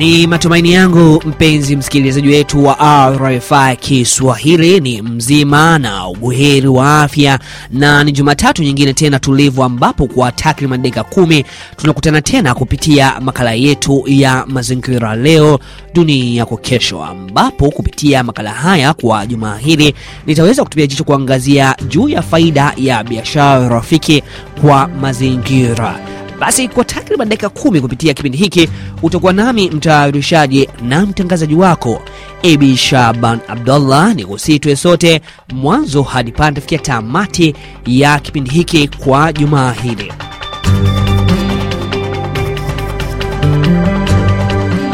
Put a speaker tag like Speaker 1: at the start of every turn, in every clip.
Speaker 1: Ni matumaini yangu mpenzi msikilizaji wetu wa RFI Kiswahili ni mzima na ubuheri wa afya, na ni Jumatatu nyingine tena tulivu, ambapo kwa takriban dakika kumi tunakutana tena kupitia makala yetu ya mazingira, leo dunia yako kesho, ambapo kupitia makala haya kwa jumaa hili nitaweza kutupia jicho kuangazia juu ya faida ya biashara rafiki kwa mazingira. Basi kwa takriban dakika kumi kupitia kipindi hiki utakuwa nami mtayarishaji na mtangazaji wako ibi Shaban Abdullah, ni kusitwe sote mwanzo hadi pana tafikia tamati ya kipindi hiki kwa jumaa hili.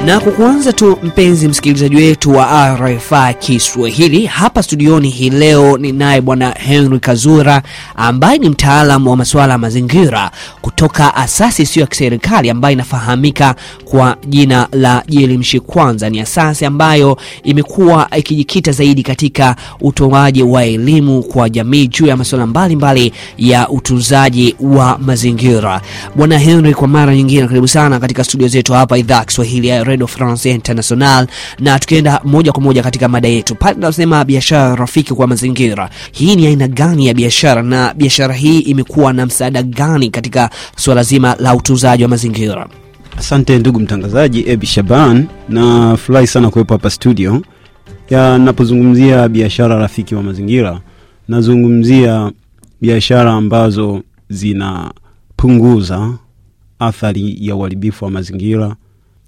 Speaker 1: Na kwa kuanza tu, mpenzi msikilizaji wetu wa rfa Kiswahili, hapa studioni hii leo ninaye bwana Henry Kazura ambaye ni mtaalamu wa masuala ya mazingira kutoka asasi isiyo ya kiserikali ambayo inafahamika kwa jina la jielimshi Kwanza. Ni asasi ambayo imekuwa ikijikita zaidi katika utoaji wa elimu kwa jamii juu ya masuala mbalimbali ya utunzaji wa mazingira. Bwana Henry, kwa mara nyingine, karibu sana katika studio zetu hapa idhaa Kiswahili ya Radio France International, na tukienda moja kwa moja katika mada yetu pale tunasema biashara rafiki kwa mazingira. Hii ni aina gani ya biashara na biashara hii imekuwa na msaada gani katika suala zima la utunzaji
Speaker 2: wa mazingira? Asante ndugu mtangazaji Ebi Shaban, na furahi sana kuwepo hapa studio. Napozungumzia biashara rafiki wa mazingira, nazungumzia biashara ambazo zinapunguza athari ya uharibifu wa mazingira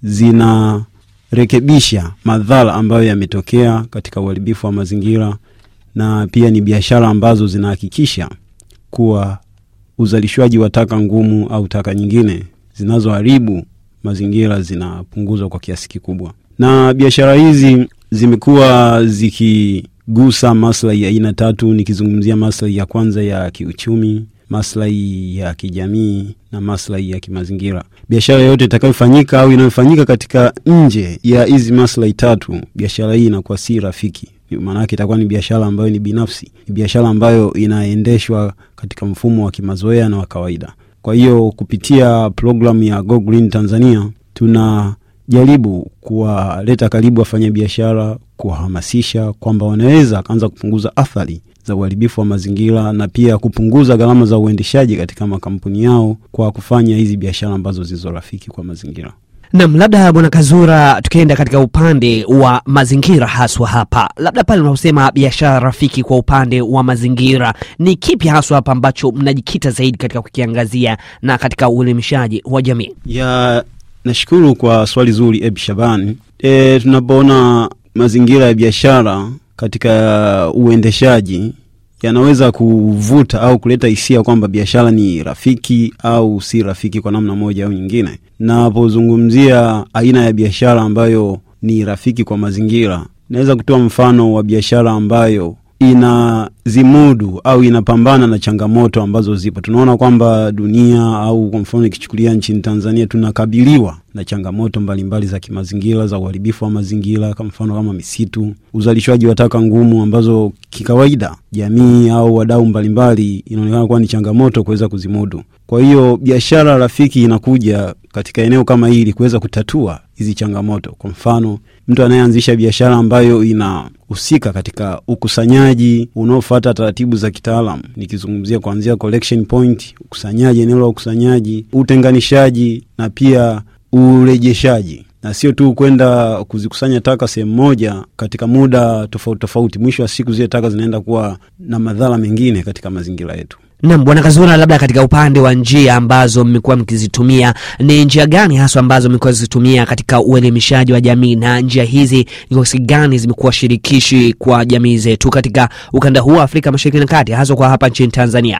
Speaker 2: zinarekebisha madhara ambayo yametokea katika uharibifu wa mazingira, na pia ni biashara ambazo zinahakikisha kuwa uzalishwaji wa taka ngumu au taka nyingine zinazoharibu mazingira zinapunguzwa kwa kiasi kikubwa, na biashara hizi zimekuwa zikigusa maslahi ya aina tatu, nikizungumzia maslahi ya kwanza ya kiuchumi maslahi ya kijamii na maslahi ya kimazingira. Biashara yoyote itakayofanyika au inayofanyika katika nje ya hizi maslahi tatu, biashara hii inakuwa si rafiki maana yake itakuwa ni biashara ambayo ni binafsi, ni biashara ambayo inaendeshwa katika mfumo wa kimazoea na wa kawaida. Kwa hiyo kupitia programu ya Go Green Tanzania tunajaribu kuwaleta karibu wafanyabiashara, kuwahamasisha kwamba wanaweza akaanza kupunguza athari za uharibifu wa mazingira na pia kupunguza gharama za uendeshaji katika makampuni yao kwa kufanya hizi biashara ambazo zilizo rafiki kwa mazingira.
Speaker 1: Nam, labda Bwana Kazura, tukienda katika upande wa mazingira haswa hapa, labda pale unaosema biashara rafiki kwa upande wa mazingira, ni kipi haswa hapa ambacho mnajikita zaidi katika kukiangazia na katika uelimishaji
Speaker 2: wa jamii? Ya, nashukuru kwa swali zuri Eb shaban E, tunapoona mazingira ya biashara katika uendeshaji yanaweza kuvuta au kuleta hisia kwamba biashara ni rafiki au si rafiki kwa namna moja au nyingine. Napozungumzia aina ya biashara ambayo ni rafiki kwa mazingira, naweza kutoa mfano wa biashara ambayo ina zimudu au inapambana na changamoto ambazo zipo. Tunaona kwamba dunia au kwa mfano ikichukulia nchini Tanzania tunakabiliwa na changamoto mbalimbali za kimazingira za uharibifu wa mazingira, kwa mfano kama misitu, uzalishaji wa taka ngumu, ambazo kikawaida jamii au wadau mbalimbali inaonekana kuwa ni changamoto kuweza kuzimudu. Kwa hiyo biashara rafiki inakuja katika eneo kama hili kuweza kutatua hizi changamoto. Kwa mfano, mtu anayeanzisha biashara ambayo inahusika katika ukusanyaji unaofuata taratibu za kitaalamu, nikizungumzia kuanzia collection point, ukusanyaji, eneo la ukusanyaji, utenganishaji na pia urejeshaji na sio tu kwenda kuzikusanya taka sehemu moja katika muda tofauti tofauti. Mwisho wa siku zile taka zinaenda kuwa na madhara mengine katika mazingira yetu.
Speaker 1: nam Bwana kazuna labda katika upande wa njia ambazo mmekuwa mkizitumia, ni njia gani haswa ambazo mmekuwa zizitumia katika uelimishaji wa jamii, na njia hizi nikosi gani zimekuwa shirikishi kwa jamii zetu katika ukanda huu wa Afrika Mashariki na Kati, haswa
Speaker 2: kwa hapa nchini Tanzania?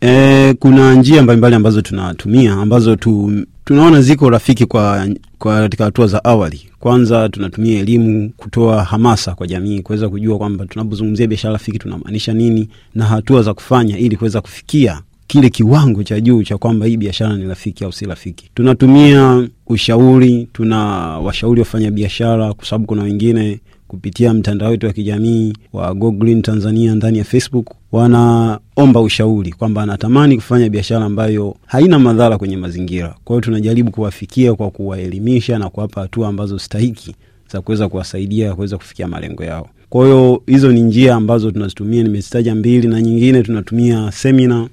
Speaker 2: E, kuna njia mbalimbali ambazo tunatumia ambazo tu, tunaona ziko rafiki kwa kwa katika hatua za awali. Kwanza tunatumia elimu kutoa hamasa kwa jamii kuweza kujua kwamba tunapozungumzia biashara rafiki tunamaanisha nini na hatua za kufanya ili kuweza kufikia kile kiwango cha juu cha kwamba hii biashara ni rafiki au si rafiki. Tunatumia ushauri, tuna washauri biashara kwa sababu kuna wengine kupitia mtandao wetu wa kijamii wa Go Green Tanzania ndani ya Facebook wanaomba ushauri kwamba anatamani kufanya biashara ambayo haina madhara kwenye mazingira. Kwa hiyo tunajaribu kuwafikia kwa kuwaelimisha na kuwapa hatua ambazo stahiki za kuweza kuwasaidia kuweza kufikia malengo yao. Kwa hiyo hizo ni njia ambazo tunazitumia, nimezitaja mbili, na nyingine tunatumia semina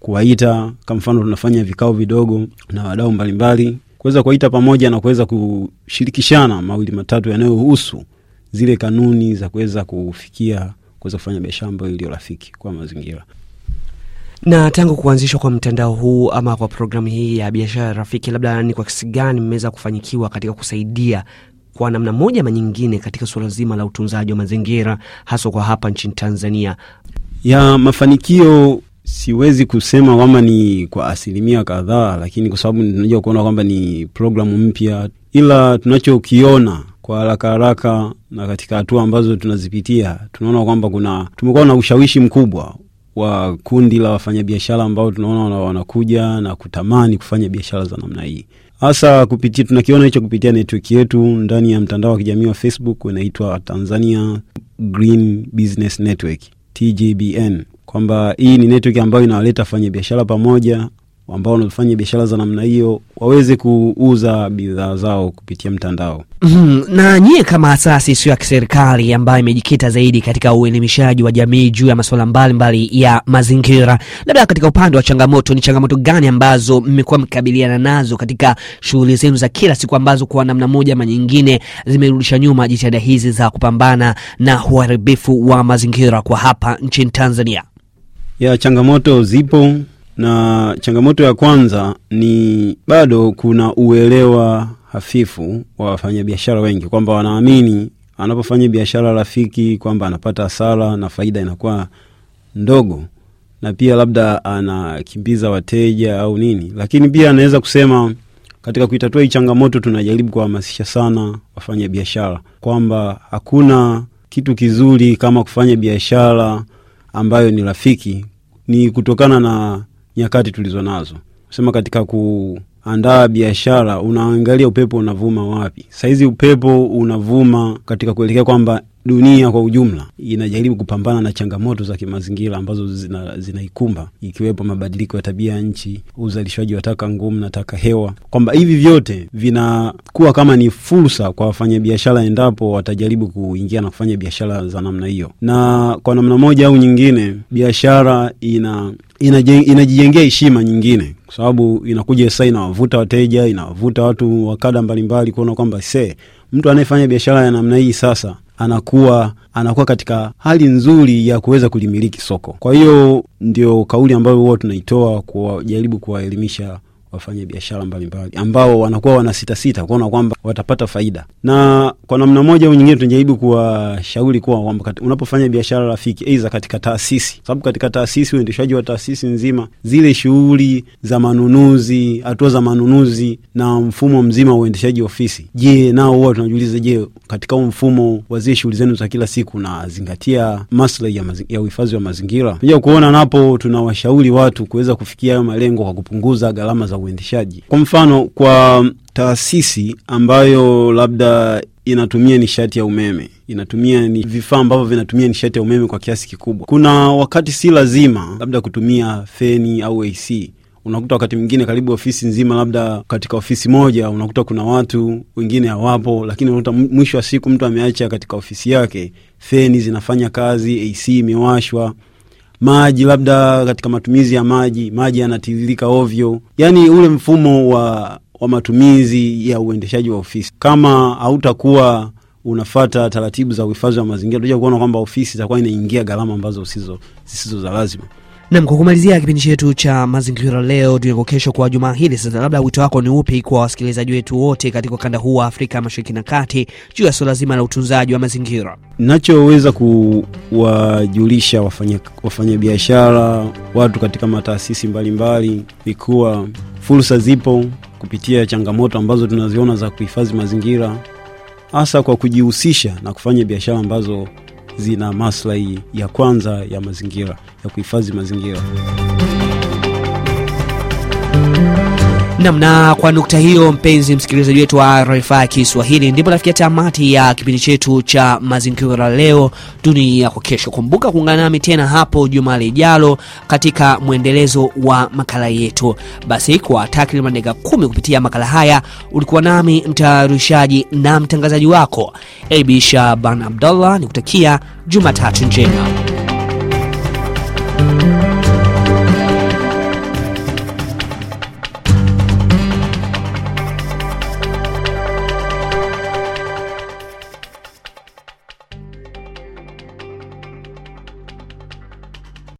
Speaker 2: kuwaita, kwa mfano tunafanya vikao vidogo na wadau mbalimbali, kuweza kuwaita pamoja na kuweza kushirikishana mawili matatu yanayohusu zile kanuni za kuweza kufikia kuweza kufanya biashara ambayo iliyo rafiki kwa mazingira.
Speaker 1: Na tangu kuanzishwa kwa mtandao huu ama kwa programu hii ya biashara rafiki, labda ni kwa kisi gani mmeweza kufanyikiwa katika kusaidia kwa namna moja ama nyingine katika suala zima la utunzaji wa mazingira haswa kwa hapa nchini Tanzania?
Speaker 2: Ya mafanikio siwezi kusema kwamba ni kwa asilimia kadhaa, lakini kwa sababu tunajua kuona kwamba ni programu mpya, ila tunachokiona kwa haraka haraka na katika hatua ambazo tunazipitia, tunaona kwamba kuna tumekuwa na ushawishi mkubwa wa kundi la wafanyabiashara ambao tunaona wanakuja na kutamani kufanya biashara za namna hii hasa kupitia tunakiona hicho kupitia network yetu ndani ya mtandao wa kijamii wa Facebook unaitwa Tanzania Green Business Network TGBN kwamba hii ni network ambayo inawaleta wafanya biashara pamoja ambao wanafanya biashara za namna hiyo waweze kuuza bidhaa zao kupitia mtandao.
Speaker 1: Mm, na nyie kama asasi sio ya kiserikali ambayo imejikita zaidi katika uelimishaji wa jamii juu ya masuala mbalimbali ya mazingira, labda katika upande wa changamoto, ni changamoto gani ambazo mmekuwa mkikabiliana nazo katika shughuli zenu za kila siku ambazo kwa namna moja ama nyingine zimerudisha nyuma jitihada hizi za kupambana na uharibifu wa mazingira kwa hapa nchini Tanzania?
Speaker 2: ya changamoto zipo, na changamoto ya kwanza ni bado kuna uelewa hafifu wa wafanyabiashara wengi kwamba wanaamini anapofanya biashara rafiki kwamba anapata hasara na faida inakuwa ndogo, na pia labda anakimbiza wateja au nini. Lakini pia anaweza kusema katika kuitatua hii changamoto tunajaribu kuhamasisha sana wafanya biashara kwamba hakuna kitu kizuri kama kufanya biashara ambayo ni rafiki ni kutokana na nyakati tulizo nazo. Sema katika kuandaa biashara unaangalia upepo unavuma wapi. sahizi upepo unavuma katika kuelekea kwamba dunia kwa ujumla inajaribu kupambana na changamoto za kimazingira ambazo zinaikumba zina ikiwepo mabadiliko ya tabia ya nchi, uzalishaji wa taka ngumu na taka hewa, kwamba hivi vyote vinakuwa kama ni fursa kwa wafanyabiashara endapo watajaribu kuingia na kufanya biashara za namna hiyo. Na kwa namna moja au nyingine biashara ina inajijengea heshima nyingine kwa sababu inakuja sasa, inawavuta wateja, inawavuta watu wa kada mbalimbali kuona kwamba se mtu anayefanya biashara ya namna hii sasa anakuwa anakuwa katika hali nzuri ya kuweza kulimiliki soko. Kwa hiyo ndio kauli ambayo huwa tunaitoa kuwajaribu kuwaelimisha wafanye biashara mbalimbali ambao wanakuwa wanasitasita kuona kwamba watapata faida, na kwa namna moja au nyingine tunajaribu kuwashauri kuwa kwamba unapofanya biashara rafiki, aidha katika taasisi, sababu katika taasisi, uendeshaji wa taasisi nzima, zile shughuli za manunuzi, hatua za manunuzi na mfumo mzima wa uendeshaji ofisi, je, nao huwa tunajiuliza, je, katika huu mfumo wa zile shughuli zenu za kila siku nazingatia maslahi ya uhifadhi wa mazingira? Kuja kuona napo tunawashauri watu kuweza kufikia hayo malengo kwa kupunguza gharama za uendeshaji. Kwa mfano, kwa taasisi ambayo labda inatumia nishati ya umeme inatumia ni vifaa ambavyo vinatumia nishati ya umeme kwa kiasi kikubwa, kuna wakati si lazima labda kutumia feni au AC unakuta wakati mwingine karibu ofisi nzima, labda katika ofisi moja unakuta kuna watu wengine hawapo, lakini unakuta mwisho wa siku mtu ameacha katika ofisi yake, feni zinafanya kazi, AC imewashwa maji, labda katika matumizi ya maji, maji yanatiririka ovyo, yaani ule mfumo wa, wa matumizi ya uendeshaji wa ofisi. Kama hautakuwa unafata taratibu za uhifadhi wa mazingira, tuja kuona kwamba ofisi itakuwa inaingia gharama ambazo zisizo za lazima.
Speaker 1: Nam, kwa kumalizia kipindi chetu cha mazingira leo tuko kesho kwa jumaa hili sasa, labda wito wako ni upi kwa wasikilizaji wetu wote katika ukanda huu wa Afrika Mashariki na Kati juu ya suala zima la utunzaji wa mazingira?
Speaker 2: Nachoweza kuwajulisha wafanyabiashara, watu katika mataasisi mbalimbali ni kuwa fursa zipo kupitia changamoto ambazo tunaziona za kuhifadhi mazingira, hasa kwa kujihusisha na kufanya biashara ambazo zina maslahi ya kwanza ya mazingira, ya kuhifadhi mazingira. namna. Kwa
Speaker 1: nukta hiyo, mpenzi msikilizaji wetu wa RFI Kiswahili, ndipo nafikia tamati ya kipindi chetu cha mazingira leo dunia yako kesho. Kumbuka kuungana nami tena hapo juma lijalo katika mwendelezo wa makala yetu. Basi kwa takriban dakika kumi kupitia makala haya ulikuwa nami mtayarishaji na mtangazaji wako Abi abdullah ni nikutakia Jumatatu njema.